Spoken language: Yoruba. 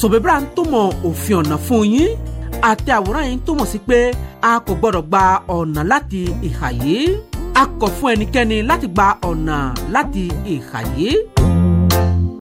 sòbébìrà ń túmọ̀ òfin ọ̀nà fún yín àti àwòrán yìí ń túmọ̀ sí pé a kò gbọ́dọ̀ gba ọ̀nà láti ìhà yìí a kọ̀ fún ẹnikẹ́ni láti gba ọ̀nà láti ìhà yìí.